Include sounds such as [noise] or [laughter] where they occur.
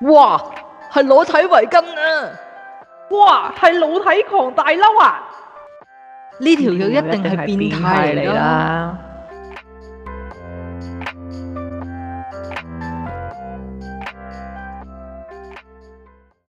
哇，係裸體圍巾啊！哇，係露體狂大褸啊！呢條友一定係變態嚟啦～ [music]